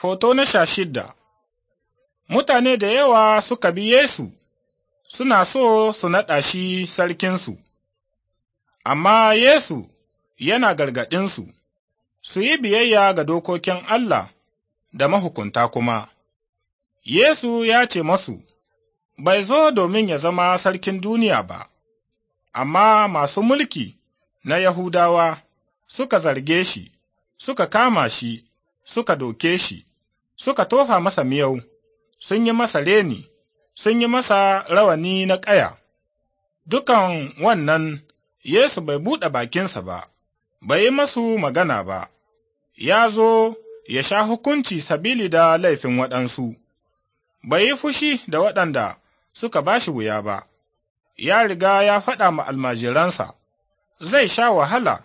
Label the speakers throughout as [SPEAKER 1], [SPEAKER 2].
[SPEAKER 1] Hoto na sha shidda Mutane da yawa suka bi Yesu, suna so su naɗa shi sarkinsu, amma Yesu yana gargaɗinsu, su yi biyayya ga dokokin Allah da mahukunta kuma. Yesu ya ce masu, Bai zo domin ya zama sarkin duniya ba, amma masu mulki na Yahudawa suka zarge shi, suka kama shi, suka doke shi. suka tofa masa miyau, sun yi masa reni, sun yi masa rawani na ƙaya. Dukan wannan Yesu bai buɗe bakinsa ba, bai yi masu magana ba, ya zo ya sha hukunci sabili da laifin waɗansu, bai yi fushi da waɗanda suka ba shi wuya ba, ya riga ya faɗa ma almajiransa, zai sha wahala,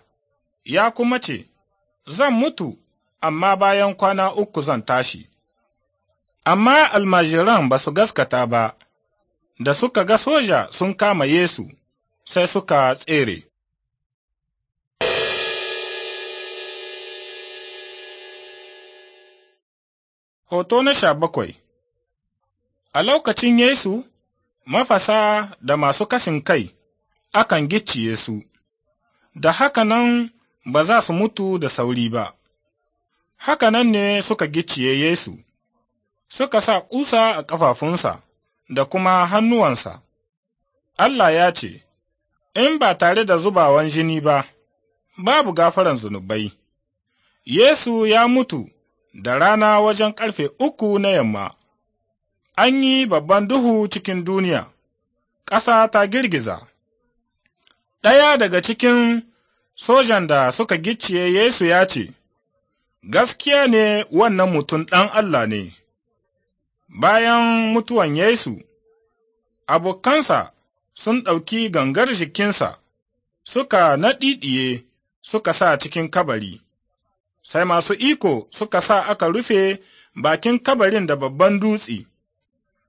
[SPEAKER 1] ya kuma ce, Zan mutu amma bayan kwana uku zan tashi. Amma almajiran ba su gaskata ba, da suka ga soja sun kama Yesu, sai suka tsere. Hoto na sha bakwai A lokacin Yesu, mafasa da masu kashin kai akan gicciye su, da haka nan ba za su mutu da sauri ba. Haka nan ne suka gicciye Yesu, suka sa ƙusa a ƙafafunsa da kuma hannuwansa. Allah ya ce, In ba tare da zubawan jini ba, babu gafaran zunubai. Yesu ya mutu da rana wajen ƙarfe uku na yamma, an yi babban duhu cikin duniya, ƙasa ta girgiza. Ɗaya daga cikin sojan da suka gicciye Yesu ya ce, gaskiya ne wannan mutum ɗan Allah ne, bayan mutuwan Yesu, abokansa sun ɗauki gangar jikinsa, suka naɗiɗiye suka sa cikin kabari, sai masu iko suka sa aka rufe bakin kabarin da babban dutse,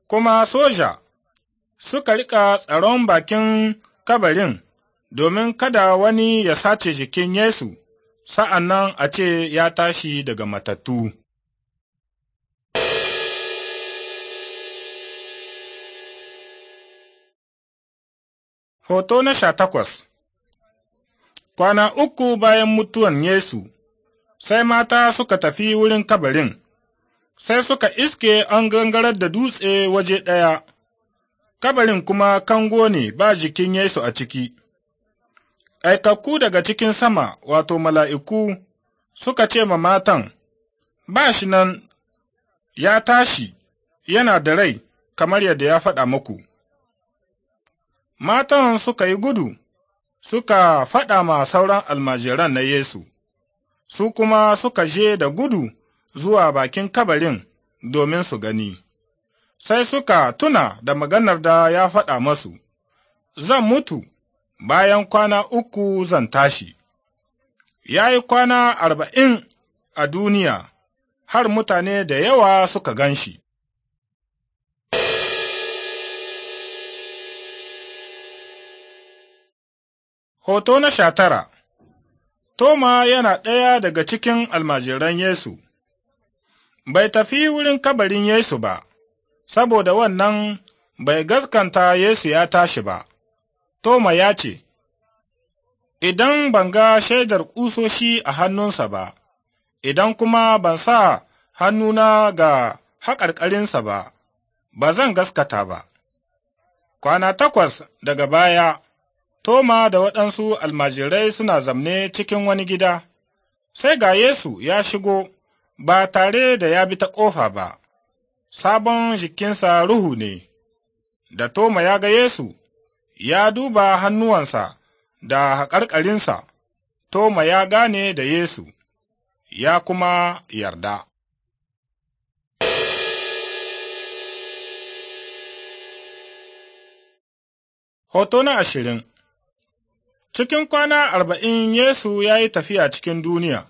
[SPEAKER 1] kuma soja suka riƙa tsaron bakin kabarin domin kada wani ya sace jikin Yesu. sa'an nan a ce ya tashi daga matattu. Hoto na sha takwas Kwana uku bayan mutuwan Yesu, sai mata suka tafi wurin kabarin, sai suka iske an gangarar da dutse waje ɗaya, kabarin kuma kango ne ba jikin Yesu a ciki. aikakku daga cikin sama, wato mala'iku, suka ce ma matan, Ba shi nan ya tashi, yana da rai, kamar yadda ya faɗa muku. Matan suka yi gudu, suka faɗa ma sauran almajiran na Yesu, su kuma suka je da gudu zuwa bakin kabarin domin su gani. Sai suka tuna da maganar da ya faɗa masu, Zan mutu bayan kwana uku zan tashi. Ya yi kwana arba'in a duniya, har mutane da yawa suka gan shi. Hoto na sha tara Toma yana ɗaya daga cikin almajiran Yesu, bai tafi wurin kabarin Yesu ba, saboda wannan bai gaskanta Yesu ya tashi ba. Toma ya ce, Idan ban ga shaidar ƙusoshi a hannunsa ba, idan kuma ban sa hannuna ga haƙarƙarinsa ba, ba zan gaskata ba. Kwana takwas daga baya, Toma da waɗansu almajirai suna zamne cikin wani gida, sai ga Yesu ya shigo ba tare da ya bi ta ƙofa ba, sabon jikinsa ruhu ne, da Toma ya ga Yesu ya duba hannuwansa da haƙarƙarinsa, Toma ya gane da Yesu, ya kuma yarda. Hoto na ashirin Cikin kwana arba'in Yesu ya yi tafiya cikin duniya,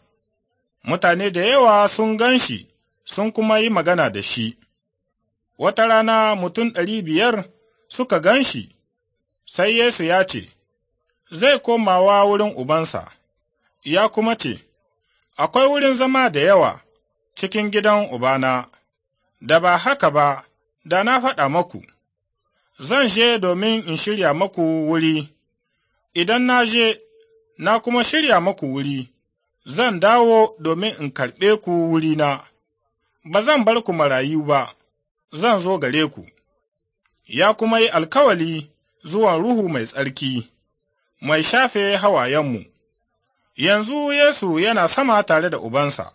[SPEAKER 1] mutane da yawa sun gan shi, sun kuma yi magana da shi. Wata rana mutum ɗari biyar suka gan shi, sai Yesu ya ce, Zai komawa wurin Ubansa, ya kuma ce, Akwai wurin zama da yawa cikin gidan Ubana, da ba haka ba, da na faɗa maku, zan je domin in shirya maku wuri, idan na je, na kuma shirya maku wuri, zan dawo domin in karɓe ku wurina, ba zan bar ku marayu ba, zan zo gare ku. Ya kuma yi alkawali zuwa Ruhu mai tsarki, mai shafe hawayenmu. Yanzu Yesu yana sama tare da Ubansa,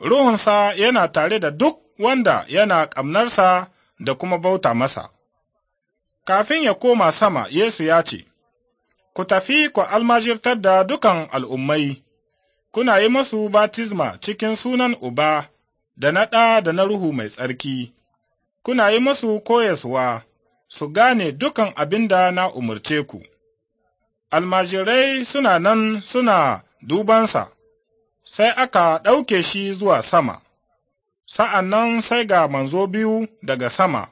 [SPEAKER 1] Ruhunsa yana tare da duk wanda yana ƙamnarsa da kuma bauta masa. Kafin ya koma sama, Yesu ya ce, Ku tafi ku almajirtar da dukan al'ummai, kuna yi masu batizma cikin sunan Uba, da na ɗa da na Ruhu mai tsarki, kuna yi masu koyaswa. su gane dukan abin da na umarce ku. Almajirai suna nan suna dubansa, sai aka ɗauke shi zuwa sama, sa'an nan sai ga manzo biyu daga sama,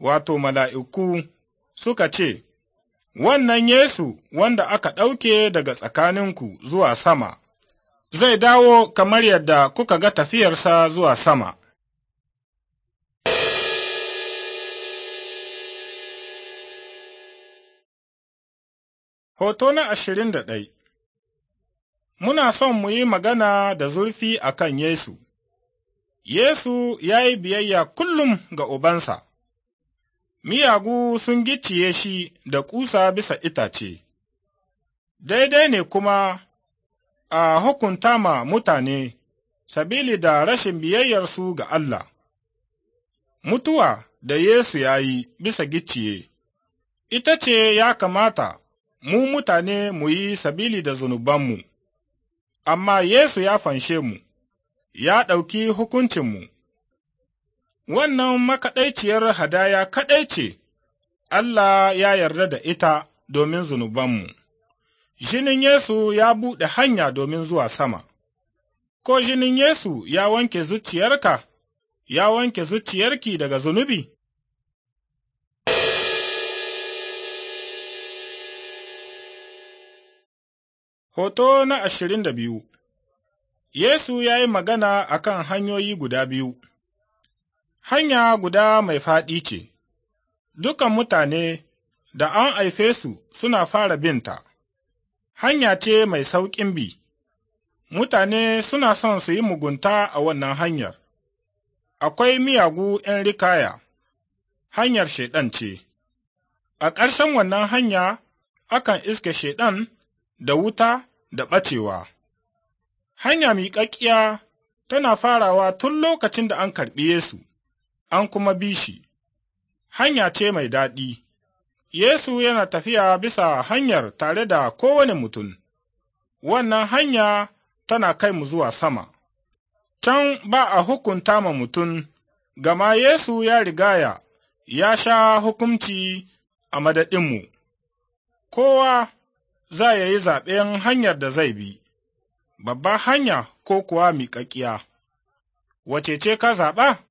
[SPEAKER 1] wato mala'iku suka ce, Wannan Yesu wanda aka ɗauke daga tsakaninku zuwa sama, zai dawo kamar yadda kuka ga tafiyarsa zuwa sama. Hoto na ashirin da ɗai Muna son mu yi magana da zurfi a kan Yesu. Yesu ya yi biyayya kullum ga Ubansa, miyagu sun gicciye shi da ƙusa bisa itace, daidai ne kuma a hukunta ma mutane sabili da rashin biyayyarsu ga Allah. Mutuwa da Yesu ya yi bisa gicciye, ita ce ya kamata mu mutane mu yi sabili da zunubanmu, amma Yesu ya fanshe mu, ya ɗauki hukuncinmu. Wannan makaɗaiciyar hadaya kaɗai ce, Allah ya yarda da ita domin zunubanmu. Jinin Yesu ya buɗe hanya domin zuwa sama, ko jinin Yesu ya wanke zuciyarka, ya wanke zuciyarki daga zunubi? Hoto na ashirin da biyu Yesu ya yi magana a kan hanyoyi guda biyu Hanya guda mai faɗi ce, dukan mutane da an haifesu su suna fara binta, hanya ce mai sauƙin bi, mutane suna son su yi mugunta a wannan hanyar, akwai miyagu ’yan rikaya, hanyar Shaiɗan ce, a ƙarshen wannan hanya akan iske Shaiɗan da wuta da ɓacewa. Hanya miƙaƙƙiya tana farawa tun lokacin da an karɓi Yesu, an kuma bi shi, hanya ce mai daɗi. Yesu yana tafiya bisa hanyar tare da kowane mutum, wannan hanya tana kai mu zuwa sama. Can ba a hukunta ma mutum, gama Yesu ya rigaya ya sha hukunci a madadinmu. Kowa za ya yi zaɓen hanyar da zai bi, babban hanya ko kuwa miƙaƙiya. Wace ce ka zaɓa?